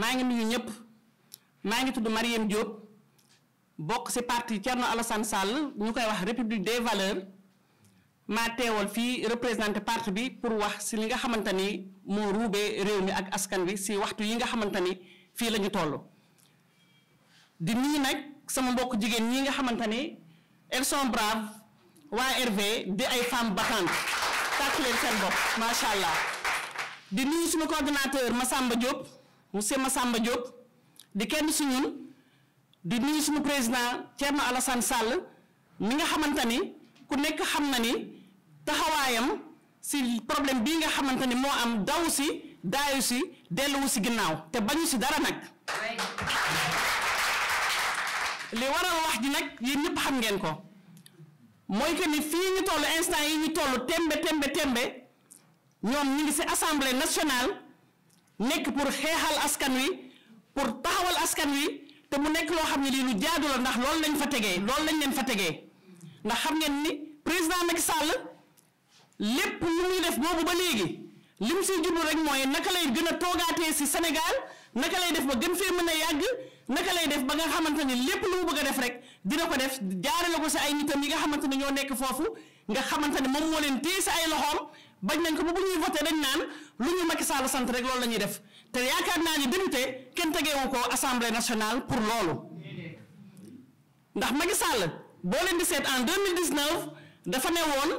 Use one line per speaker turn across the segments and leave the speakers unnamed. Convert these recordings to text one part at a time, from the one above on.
maa ngi nuyu ñëpp maa ngi tudd Mariam Diop bokk ci parti Thierno Alassane sàll ñu koy wax République des valeurs maa teewal fii représenté parti bi pour wax ci li nga xamante ni moo ruubee réew mi ak askan bi ci waxtu yi nga xamante ni fii la toll. di nii nag sama mbokk jigéen ñi nga xamante ni elles waa RV di ay femmes battantes tàkk leen seen bopp macha allah. di nuyu suñu coordonnateur Massamba Diop monsieur Massamba Diop di kenn si di nuyu suñu président Thierno Alassane sàll mi nga xamante ni ku nekk xam na ni taxawaayam si problème bii nga xamante ni moo am daw si daayu si delluwu si ginnaaw te bañu si dara nag. li waral wax ji nag yéen ñëpp xam ngeen ko mooy que ni fii ñu toll instant yi ñu toll tembe tembe tembe. ñoom ñu ngi si assemblée nationale nekk pour xeexal askan wi pour taxawal askan wi te mu nekk loo xam ne lii lu jaadu la ndax loolu lañ fa tegee loolu lañ leen fa tegee ndax xam ngeen ni président Macky Sall lépp lu muy def boobu ba léegi li mu siy jublu rek mooy naka lay gën a toogaatee si Sénégal naka lay def ba gën fee mën a yàgg naka lay def ba nga xamante ni lépp lu mu bëgg a def rek. dina ko def jaarale ko si ay nitam yi nga xamante ne ñoo nekk foofu nga xamante ne moom moo leen téye si ay loxoom bañ nañ ko ba bu ñuy voté dañ naan lu ñu Macky Sall sant rek loolu la ñuy def te yaakaar naa ni député kenn tegeewu ko assemblée nationale pour loolu ndax Macky boo leen di seet en deux 2019 dafa ne woon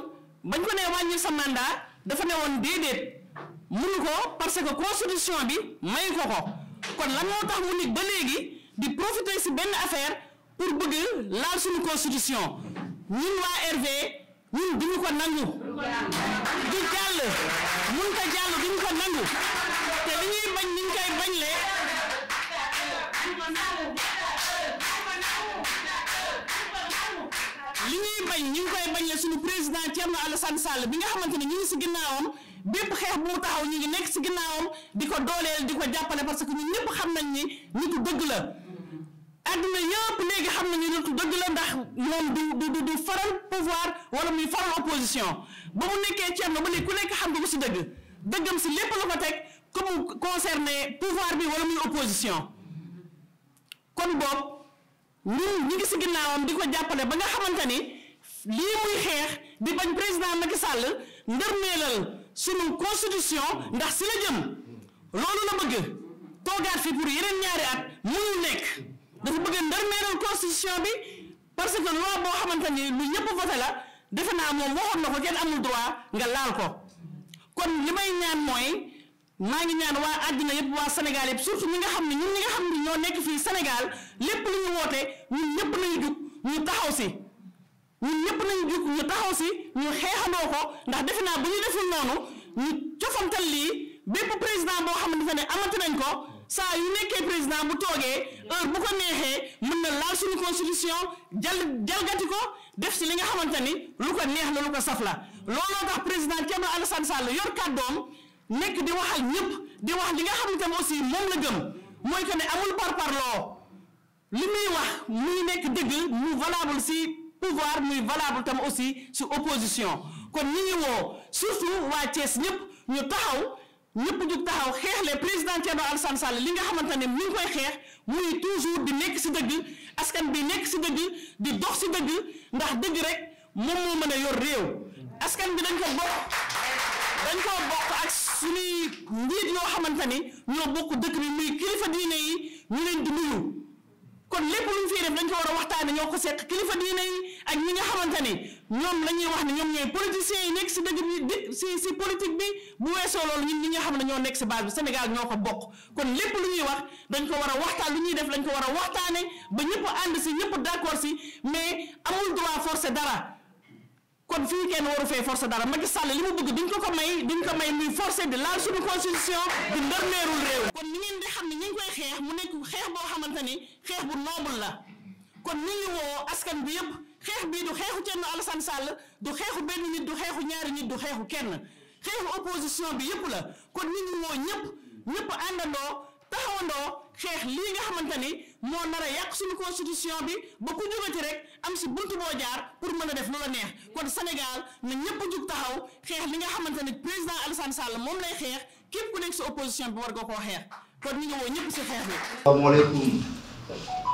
bañ ko nee wàññil sa mandat dafa ne woon déedéet mënu ko parce que constitution bi may ko ko kon lan moo tax mu nit ba léegi di profiter si benn affaire pour bëgg laal suñu constitution ñun waa RV ñun duñu ko nangu du jàll mun ko jàll duñu ko nangu te li ñuy bañ ñu ngi koy bañ le li ñuy bañ ñu koy bañ le suñu président Thierno Alassane Sall bi nga xamante ne ñu ngi si ginnaawam bépp xeex bu mu taxaw ñu ngi nekk si ginnaawam di ko dooleel di ko jàppale parce que ñun ñëpp xam nañ ni ko dëgg la àdduna yëpp léegi xam na ne lu dëgg la ndax moom du du du faral pouvoir wala muy faral opposition ba mu nekkee Thierno ba léegi ku nekk xam nga ko si dëgg dëggam si lépp la ko teg que mu concerné pouvoir bi wala muy opposition. kon boobu ñun ñi ngi si ginnaawam di ko jàppale ba nga xamante ni lii muy xeex di bañ président Macky Sall ndërmeelal sunu constitution ndax si la jëm loolu la bëgg toogaat fi pour yeneen ñaari at mënul nekk. dafa bëgg a ndërmeeral constitution bi parce que loi boo xamante ni lu ñëpp voté la defe naa moom waxoon na ko kenn amul droit nga laal ko kon li may ñaan mooy maa ngi ñaan waa àddina yëpp waa Sénégal yëpp surtout ñi nga xam ne ñun ñi nga xam ne ñoo nekk fii Sénégal lépp lu ñu woote ñëpp nañu jug ñu taxaw si ñun ñëpp nañu jug ñu taxaw si ñu xeexandoo ko ndax defe naa bu ñu deful noonu ñu cofamtal lii bépp président boo xamante ne amati nañ ko saa yu nekkee président bu toogee heure bu ko neexee mën na laal suñu constitution jal jalgati ko def si li nga xamante ni lu ko neex la lu ko saf la looloo tax président Thierno Alassane Sall yor kàddoom nekk di wax ak ñëpp di wax li nga xamante ne aussi moom la gëm mooy que ne amul parparloo li may wax muy nekk dëgg mu valable si pouvoir muy valable tam aussi si opposition kon ñi ngi woo surtout waa Thiès ñëpp ñu taxaw. ñëpp jug taxaw xeex le président Thierno Alassane Sall li nga xamante ne mi ngi koy xeex muy toujours di nekk si dëgg askan bi nekk si dëgg di dox si dëgg ndax dëgg rek moom moo mën a yor réew askan bi dañ ko bokk dañ xamante ni ñoo bokk dëkk bi muy kilifa diine yi ñu leen di nuyu kon lépp lu ñu fiy def ko war a waxtaane ñoo ko seq kilifa diine yi ak ñi nga xamante ni ñoom la ñuy wax ne ñoom ñooy politiciens yi nekk si dëgg bi di si si politique bi bu weesoo loolu ñun ñi nga xam ne ñoo nekk si base bi Sénégal ñoo ko bokk kon lépp lu ñuy wax dañ ko war a waxtaan lu ñuy def dañ ko war a waxtaane ba ñëpp ànd si ñëpp d'accord si mais amul droit forcer dara kon fii kenn waru fee forcer dara Macky Sall li mu bëgg duñ ko ko may duñ ko may muy forcer di laal suñu constitution di ndërmeerul kon ni di xam ne ñu ngi koy xeex mu nekk xeex boo xamante ni xeex bu noble la kon ñu ngi woo askan bi yëpp xeex bii du xeexu Thierno Alassane Sall du xeexu benn nit du xeexu ñaari nit du xeexu kenn xeexu opposition bi yëpp la kon nit ñi ñëpp ñëpp àndandoo taxawandoo xeex nga xamante ni moo nar a yàq suñu constitution bi ba ku jubati rek am si buntu boo jaar pour mën a def lu la neex kon Sénégal na ñëpp jug taxaw xeex li nga xamante ni président Alassane Sall moom lay xeex képp ku nekk si opposition bi war nga koo xeex kon ñu ñëpp si xeex bi. asalaamaaleykum.